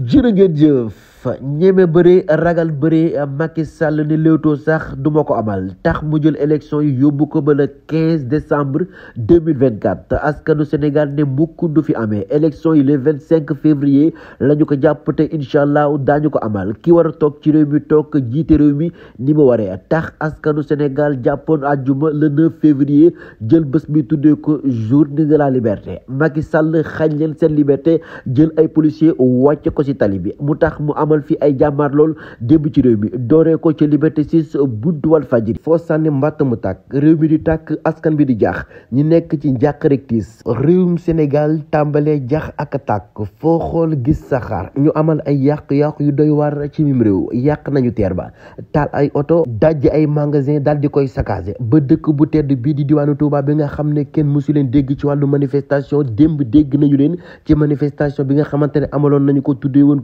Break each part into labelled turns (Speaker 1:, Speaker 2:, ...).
Speaker 1: jërë ngeen jëf def ñeme bëri ragal bëri Macky Sall ni Leewtoo sax duma ko amal tax mu jël élection yi yóbbu ko ba le 15 décembre 2024 askanu Sénégal ne mukk du fi amee élection yi le 25 février la ñu ko jàpp te incha allah daañu ko amal ki war a toog ci réew mi toog jiite réew mi ni ma waree tax askanu Sénégal jàppoon àjjuma le 9 février jël bés bi tuddee ko journée de la liberté Macky Sall xañ leen seen liberté jël ay policiers wàcce ko ci tali bi mu tax mu am amal fi ay jàmmaar lool démb ci réew bi dooree ko ci liberté 6 bunt Walfadjri foo sànni mbàtt mu tàkk réew mi di tàkk askan bi di jaax ñi nekk ci njàq rek tiis réewum Sénégal tàmbalee jax ak tàkk foo xool gis saxaar ñu amal ay yàq-yàq yu doy waar ci mim réew yàq nañu teer ba taal ay oto dajj ay magasin daal di koy saccagé ba dëkk bu tedd bii di diwaanu Touba bi nga xam ne kenn musu leen dégg ci wàllu manifestation démb dégg nañu leen ci manifestation bi nga xamante ne amaloon nañu ko tuddee woon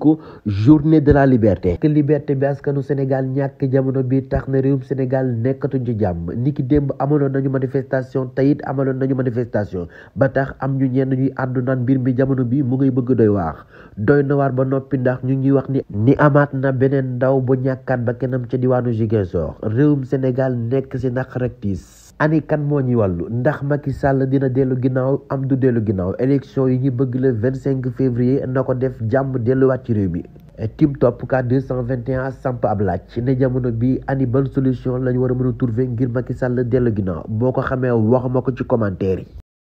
Speaker 1: de la liberté que liberté bi askanu Sénégal ñàkk jamono bi tax na réewum Sénégal nekkatuñ ci jàmm ni ki démb amaloon nañu manifestation tayit amaloon nañu manifestation ba tax am ñu ñenn ñuy àddu naan mbir mi jamono bi mu ngay bëgg doy waax doy na waar ba noppi ndax ñu ñuy wax ni ni amaat na beneen ndaw bu ñàkkaat ba kenam ca diwaanu Ziguinchor réewum Sénégal nekk si naq rek tiis kan moo ñuy wàllu ndax Macky sàll dina dellu ginnaaw am du dellu ginnaaw élection yi ñu bëgg vingt cinq février na ko def jàmm delluwaat ci réew mi tim toppkat 221 samp ab laaj ne jamono bi ani solution la ñu war a mën a trouver ngir Macky Sall dellu boo ko xamee wax ma ko ci commentaire yi